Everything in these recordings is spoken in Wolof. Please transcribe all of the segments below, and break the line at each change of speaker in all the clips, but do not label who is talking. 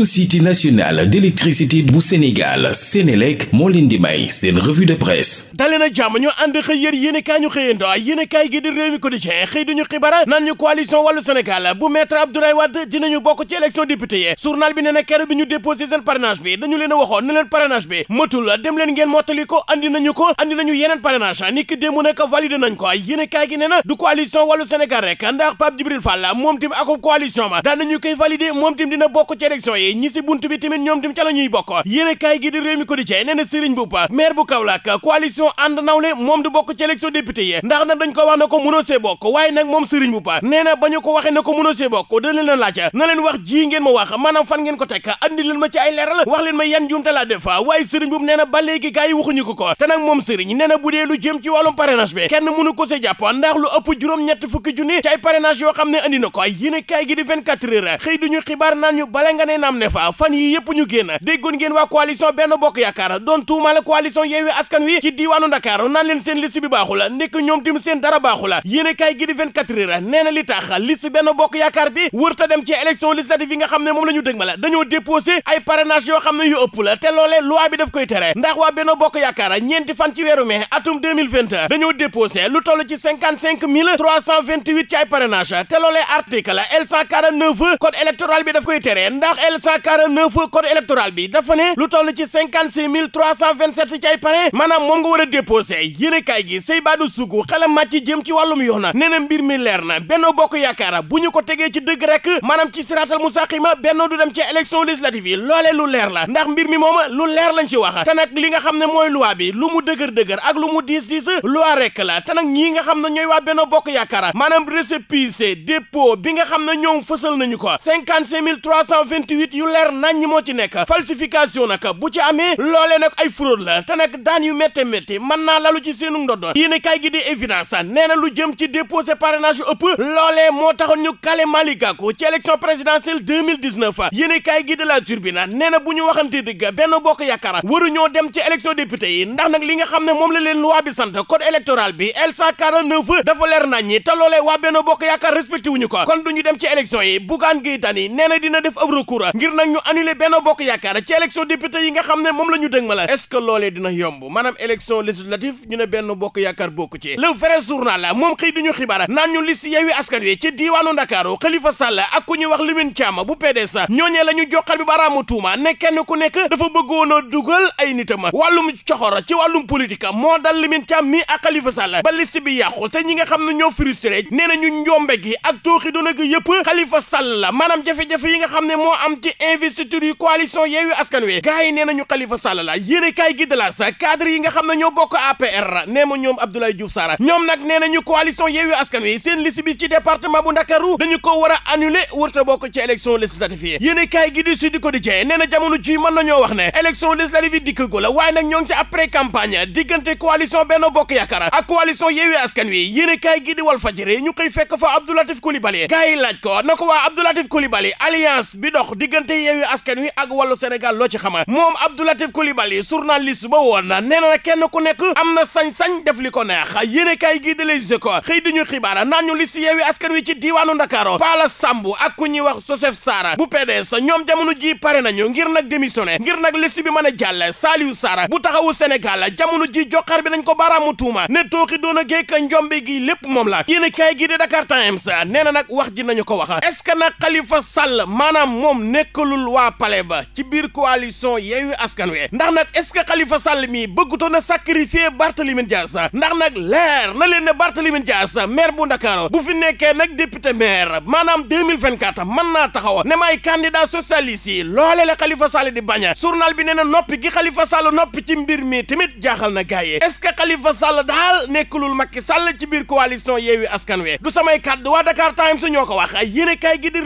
société nationale d'électricité bu Sénégal Sénélec moo leen di may seen revue de presse dalee na ñu ànd xëy yër yéen i kaay ñu xëyando yéen i kaay gi di réew mi quotidien xëy duñu xibaar ñu coalition wàllu Sénégal bu maître Abdoulaye Wade dinañu bokk ci élection député yi journal bi nee na bi ñu déposé seen bi dañu ko andi nañu gi nee du coalition wàllu Sénégal rek ndax Pape Djibril Fall moom tim ak coalition ma daan nañu koy validé yi ñi si bunt bi tamit ñoom tamit ca la ñuy bokk yéen kaay gi di ko di cee nee na Serigne Mboup maire bu Kaolack coalition ànd nawle moom du bokk ci élection député yi ndax nag dañ ko wax na ko mënoo see bokk waaye nag moom Serigne Mboup nee na ba ko waxee na ko mënoo see bokk da leen la wax ji ngeen ma wax maanaam fan ngeen ko teg andi leen ma ci ay leeral wax leen ma yan juumte laa def waaye bu dee lu jëm ci wàllum ko ko yéen kaay gi naam ne fa fan yi yëpp ñu génn déggoon ngeen waa coalition benn bokk yaakaar doon tuumaale coalition yeewi askan wi ci diiwaanu Dakar naan leen seen liste bi baaxu la ñoom dim seen dara baaxu la yéene kaay gi di 24 li tax liste benn bokk yaakaar bi wërta dem ci élection législative yi nga xam ne moom la ñu dëgmal dañoo déposé ay parrainage yoo xam ne yu ëpp la te loolee loi bi daf koy tere ndax waa benn bokk yaakaar ñeenti fan ci weeru sept cent quarante neuf bi dafa ne lu toll ci cinquante six mille trois cent vingt sept ci ay parrain maanaam moom nga war a déposé yéene kaay gi Seybaanou Sougou xelam màcc jëm ci wàllum yoon na nee na mbir mi leer na Benno Bokk Yaakaar bu ñu ko tegee ci dëgg rek maanaam ci siraatal mustaqima Benno du dem ci élection législative yi loolee lu leer la ndax mbir mi moom lu leer lañ ci wax te li nga xam ne mooy loi bi lu mu dëgër dëgër ak lu mu diis diis loi rek la te ñii nga xam ne ñooy waa Benno Bokk Yaakaar maanaam récépissé dépôt bi xam ne ñoom fësal nañu ko cinquante cinq cent vingt huit yu leer nañ ñi moo ci nekk falsification nag bu ci amee loole nag ay fraude la te nag daan yu métte métti mën naa lalu ci seenu ndodd yéen kay gi di évidence na lu jëm ci déposé parrainage ëpp loolee moo taxoon ñu kale Malick Gakou ci élection présidentielle 2019 yéen kay gi de la Tribune nee na bu ñu waxante dëgg benn bokk yaakaar waruñoo dem ci élection député yi ndax nag li nga xam ne moom la leen loi bi sant code électoral bi L149 dafa leer nañ ñi te loolee bokk yaakaar respecté wuñu ko kon duñu dem ci élection yi Bougane Gueye Dany nee na dina def ab recours ngir nag ñu annuler benn bokk yaakaar ci élection député yi nga xam ne moom la ñu dëg ma la est-ce que loolee dina yomb maanaam élection législative ñu ne benn bokk yaakaar bokk ci le vrai journal la moom xëy di ñu xibaar naan ñu liste Yewwi Askan Wi ci diiwaanu Ndakaaru Khalifa Sall ak ku ñuy wax Lamine Thiam bu PDS ñooñee la ñu joxal bi baraamu tuuma ne kenn ku nekk dafa bëggoon a dugal ay nitam wàllum coxor ci wàllum politique moo dal Lamine Thiam mi ak Khalifa Sall ba liste ñi nga xam ne ñoo frustré na ñu njombe gi ak tooxi doona gi yëpp Khalifa Sall la maanaam jafe yi nga xam ne moo am ci ci investiture yu coalition Yewwi Askan Wi gars yi nee nañu nga xam ne ñoo bokk APR nee ma ñoom Abdoulaye Diouf Sarr ñoom nag nee ko war a annuler wërta bokk ci élection législative yi yéene kaay gi di Sud Quotidien nee na jamono ji coalition Benno Askan Wi yéene kaay gi di ñu koy fekk fa Abdou Latif Coulibaly gars laaj ko na ko waa Abdou Latif Coulibaly alliance bi dox digg diggante Yewwi Askan Wi ak Wallu Sénégal loo ci xama moom Abdou Latif Coulibaly journaliste ba woon na nee na kenn ku nekk am na sañ-sañ def li ko neex yéene kaay gii de Les Échos xëy duñu xibaara naan ñu liste Yewwi Askan Wi ci diiwaanu Ndakaaru Pala Samb ak ku ñuy wax Joseph Sara bu PDS ñoom jamono ji pare nañu ngir nag démissionné ngir nag liste bi mën a jàll Saliou Sara bu taxawu Sénégal jamono ji joxar bi nañ ko baaraamu tuuma ne tooxi doon a géek njombe la yéene kaay na wax ji nañu ko wax est-ce que nag Khalifa Sall lëkkalul waa pale ba ci biir coalition Yewwi Askan Wi ndax nag est-ce que Khalifa Sall mi bëggutoon a sacrifier Barthélémy Dias ndax nag leer na leen ne Barthélémy Dias maire bu Ndakaaru bu fi nekkee nag député maire maanaam 2024 mën naa taxaw ne may candidat socialiste yi loole la Khalifa Sall di bañ journal bi nee na noppi gi xalifa Sall noppi ci mbir mi tamit jaaxal na gars yi est-ce que Khalifa Sall daal nekkulul Macky Sall ci biir coalition Yewwi Askan Wi du samay kàddu waa Dakar Times ñoo ko wax yéen a kaay gi di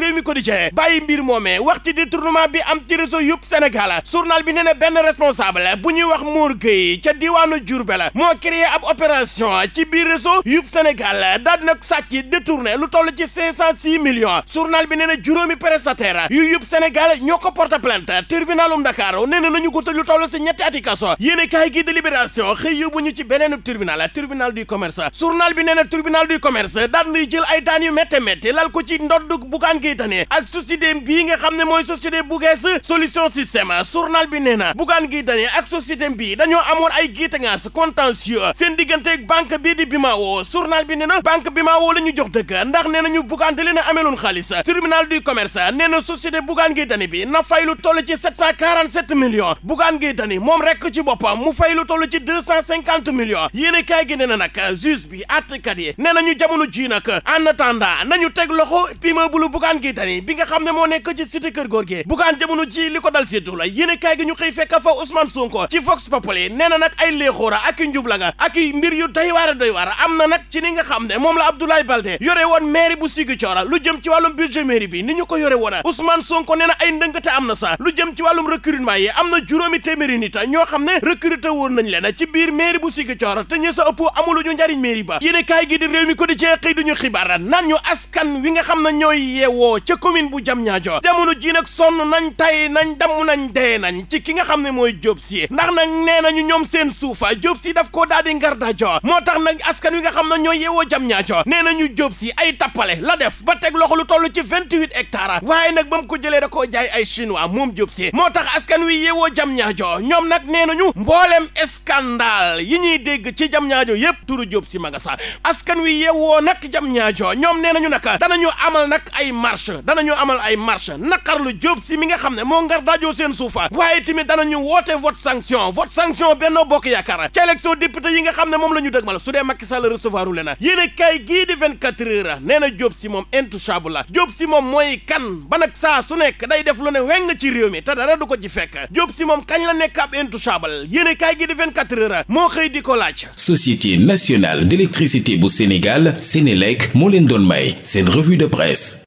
bàyyi mbir moomee détournement bi am ci réseau yëpp Sénégal journal bi nee na benn responsable bu ñuy wax Mour Gueye ca diwaanu Diourbel moo créé ab opération ci biir réseau yëpp Sénégal daal di nag sàcc détourné lu toll ci cinq cent six millions journal bi nee na juróomi prestataire yu yëpp Sénégal ñoo ko porté plainte tribunalum Dakar nee na nañu ko tëj lu toll ci ñetti ati kaso yéene kaay gi de Libération xëy ñu ci beneen tribunal tribunal du commerce journal bi nee na di jël ay mooy société bu bees solution bi nee na Bougane Gueye ak société bi dañoo amoon ay giitangaas contentieux seen digganteeg banque bii di Bimawo journal bi nee na banque Bimawo jox dëkk ndax nee ñu Bougane leen a ameloon xaalis tribunal du commerce nee na société Bougane Gueye Dany bi na fay lu toll ci 747 millions Bougane Gueye Dany moom rek ci boppam mu fay lu toll ci 250 millions yéen a kaay gi nee na nag bi àttekat kër góor gi bugaan jamono ji li ko dal seetu la yéene kaay gi ñu xëy fekk fa Ousmane Sonko ci Vox Populi nee na ay léexóora ak i njubla nga ak i mbir yu doy waar am na nag ci ni nga xam ne moom la Abdoulaye Baldé yore woon mairie bu Ziguinchor lu jëm ci wàllum budget mairie bi ni ñu ko yore woon Ousmane Sonko nee na ay ndëngate am na sa lu jëm ci wàllum recrutement yi am na juróomi téeméeri nit ñoo xam ne recruté woon nañ leen ci biir mairie bu Ziguinchor te ñe sa ëpp amulu ñu njariñ mairie ba xam ne ñooy yeewoo ca commune bu Diamniadio jamono nag sonn nañ tay nañ damm nañ dee nañ ci ki nga xam ne mooy jóob Sy ndax nag nee nañu ñoom seen suufa jóob si daf koo daal di ngar dajo moo tax nag askan wi nga xam ne ñoo yeewoo jam ñaajo nee nañu Diop Sy ay tappale la def ba teg loxo lu toll ci vingt-huit hectares waaye nag ba mu ko jëlee da koo jaay ay chinois moom Diop Sy moo tax askan wi yeewoo jam ñaajoo ñoom nag nee nañu mboolem scandale yi ñuy dégg ci jam ñaajo yépp turu Diop Sy ma nga askan wi yeewoo nag jam ñaajo ñoom nee nañu nag danañu amal nag ay marche danañu amal ay marche naqar Fallou Diop si mi nga xam ne moo ngar daajoo seen suufa waaye tamit danañu woote vote sanction vote sanction Benno Bokk Yaakaar ci élection député yi nga xam ne moom la ñu dëgmal su dee Macky Sall recevoir u le na yéen a kaay gii di 24 heures nee na Diop si moom intouchable la Diop si moom mooy kan ba nag saa su nekk day def lu ne weng ci réew mi te dara du ko ci fekk Diop si moom kañ la nekk ab intouchable yéen a kaay gii di 24 heures moo xëy di ko laaj Société nationale d'électricité bu Sénégal Sénélec moo leen doon may seen revue de presse